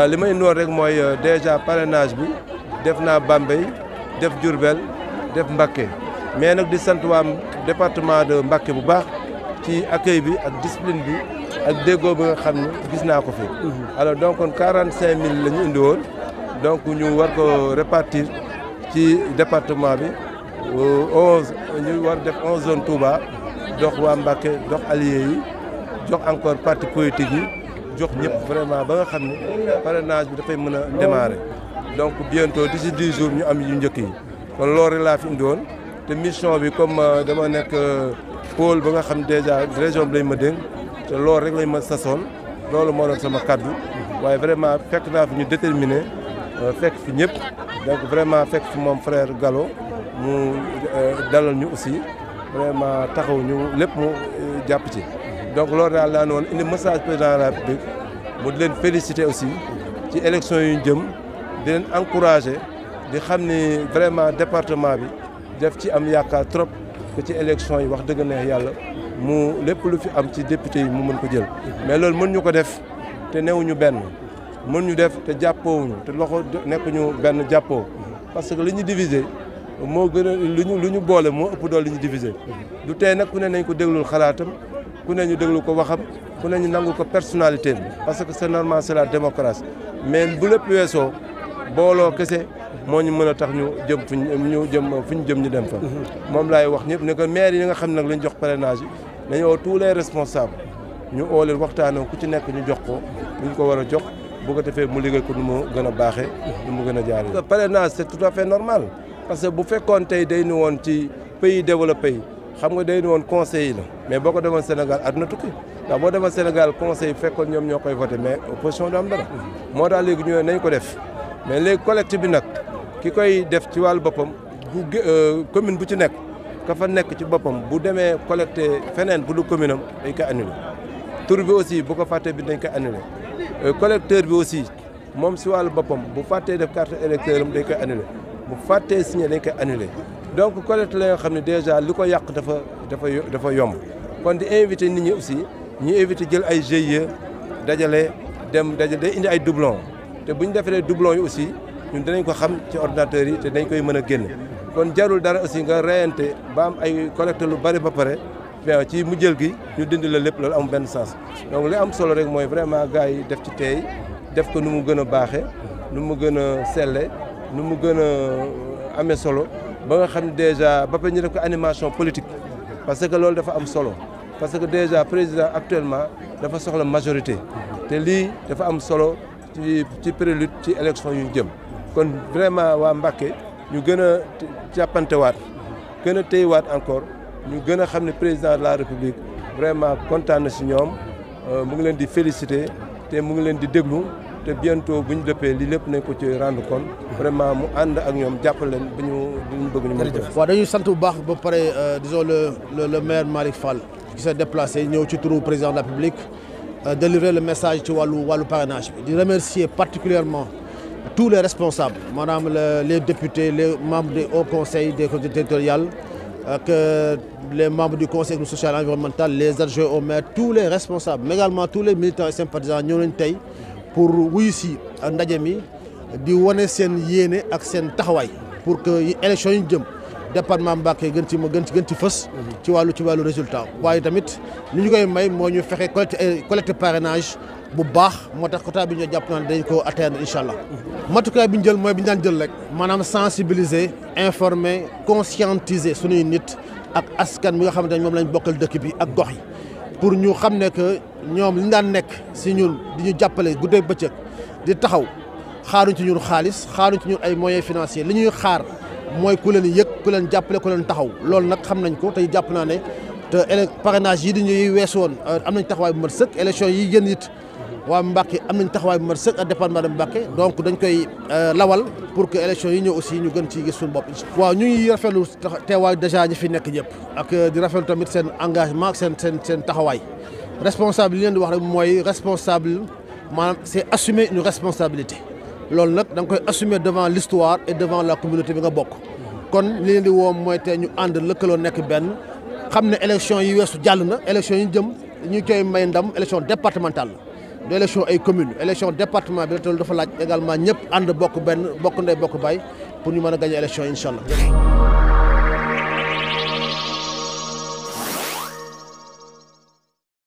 Euh, li may noor rek mooy euh, déjà parenage bi def naa Bambey def Diourbel def Mbacké mais nag di sant waa département de Mbacké bu baax ci accueil bi ak discipline bi ak déggoo bi nga xam ne gis naa ko fi. Mhm. alors donc kon 45000 la ñu indi woon donc ñu war ko répartir ci département bi 11 euh, ñu war def 11 zone Touba dox waa Mbacké dox alliés yi jox encore parti politique yi. jox ñëpp vraiment ba nga xam ne parrainage bi dafay mën a démarrer donc di d'ici dix jours ñu am yu njëkk yi kon loolu laa fi indiwoon te mission bi comme euh, dama nekk euh, pôle ba nga xam déjà région bi lañ ma dénk te loolu rek lañ ma sasoon loolu moo doon sama kaddu waaye vraiment fekk naa fi ñu déterminé euh, fekk fi ñëpp donc vraiment fekk fi moom frère Gallo mu dalal ñu aussi vraiment taxaw ñu lépp mu euh, jàpp ci. donc loolu daal laa woon indi message président de la République mu di leen féliciter aussi ci élection yu ñu jëm di leen di xam ni vraiment département bi def ci am yaakaar trop que ci élection yi wax dëgg neex yàlla mu lépp lu fi am ci député yi mu mën ko jël. mais loolu mën ñu ko def te ñu benn mën ñu def te jàppoowuñu te loxo nekkuñu benn jàppoo parce que li ñu diviser. moo gën a lu ñu lu ñu boole moo ëpp doole li ñu diviser du tey nag ku ne nañ ko déglul xalaatam ku ne ñu déglu ko waxam ku ne ñu nangul ko personnalité parce que c'est normal c'est la démocratie mais bu lépp weesoo booloo kese moo ñu mën a tax ñu jëm fu ñu jëm fu ñu jëm ñu dem fa. moom laay wax ñëpp na que maire yi nga xam nag lañ jox parrainage yi nañu woo tous les responsables ñu oo leen waxtaanoo ku ci nekk ñu jox ko ñu ko war a jox bu ko defee mu liggéey ko nu mu gën a baaxee. nu mu gën a jaaree. parrainage c'est tout à fait normal. parce que bu fekkoon tey day nu woon ci pays développé yi xam nga day nu woon conseil yi mais boo ko demoon Sénégal àdduna tukki ndax boo demoon Sénégal conseil fekkoon ñoom ñoo koy voté mais opposition du am moo daal léegi ñu nañ ko def mais léegi collecte bi nag ki koy def ci wàllu boppam bu euh, commune bu ci nekk ka nekk ci boppam bu demee collecté feneen bu du commune am dañ koy annulé tur bi aussi bu ko fàttee bi dañ koy annulé euh, collecteur bi aussi moom si wàllu boppam bu fàttee def carte électeur am koy annulé bu fàttee signé dañ koy annulé donc collecte la yoo xam ne déjà li ko yàq dafa dafa dafa yomb kon di invité nit ñi aussi ñu éviter jël ay GIE dajale dem dajale day indi ay doublon te bu ñu defalee doublon yi aussi ñun dinañ ko xam ci ordinateur yi te dañ koy mën a génn kon jarul dara aussi nga reyante baam ay collecte lu bari ba pare bien ci jël gi ñu dindi la lépp loolu am benn sens donc li am solo rek mooy vraiment gars yi def ci tey def ko nu mu gën a baaxee nu mu gën a selle nu mu gën a amee solo ba nga xam déjà ba pare ñu def ko animation politique parce que loolu dafa am solo parce que déjà président actuellement dafa soxla majorité te lii dafa am solo ci ci prélude ci élection yu jëm kon vraiment waa Mbacké ñu gën a jàppantewaat kën a téyewaat encore ñu gën a xam ne président de la république vraiment kontaan si ñoom euh, mu ngi leen di félicité te mu ngi leen di déglu te bientôt bu ñu dëppee li lépp nañ ko ci rendre compte vraiment mu ànd ak ñoom jàppale leen ba ñu ñu bëgg ñu mën waaw dañuy sant bu baax ba pare euh, disons le maire Malick Fall qui s'est déplacé ñëw ci turu président de la République euh, délivrer le message ci wàllu wàllu parrainage bi di remercier particulièrement tous les responsables maanaam les députés les membres des hauts conseils des collectivités territoriales ak euh, les membres du conseil social et environnemental les adjoints au maire tous les responsables mais également tous les militants et sympathisants ñëw tey pour wuyu si ndaje mi di wane seen yéene ak seen taxawaay pour que élection yi jëm département Mbacké gën ci ma gën ci gën ci fës. ci wàllu ci wàllu résultat waaye tamit li ñu koy may moo ñu fexe collecte collecte parrainage bu baax moo tax quota bi ñu jàpp naan dañ ko atteindre incha allah. matukaay bi ñu jël mooy bi ñu jël rek. maanaam sensibiliser informer conscientiser suñuy nit ak askan mi nga xamante ne moom lañ bokkal dëkk bi ak gox yi. pour ñu xam ne que ñoom li daan nekk si ñun di ñu jàppale guddeeg bëccëg di taxaw xaaruñ ci ñun xaalis xaaruñ ci ñun ay moyens financiers li ñuy xaar mooy ku leen yëg ku leen jàppale ku leen taxaw loolu nag xam nañ ko tey jàpp naa ne te parrainage yi di ñuy weesu woon euh, am na taxawaay bu mat sëkk élection yi gën it waa Mbacké am nañ taxawaay bu mat sëkk ak département de Mbacké donc dañ koy euh, lawal pour que élection yi ñëw aussi ñu gën ci gis suñu bopp waaw ñu ngi rafetlu teewaay dèjà ñi fi nekk ñëpp ak euh, di rafetlu tamit seen engagement ak seen taxawaay responsable li leen di wax rek mooy responsable maanaam c'est assumer ñu responsabilité loolu nag da nga koy assumer devant l'histoire et devant la communauté bi nga bokk kon li leen di woo mooy te ñu ànd lëkkaloo nekk benn xam ne élection yi weesu jàll na élection yi jëm ñu koy may ndam départementale la du élection ay commune élection département bi la dafa laaj également ñëpp ànd bokk ben bokk ndey bokk bay pour ñu mën a gagné élection incha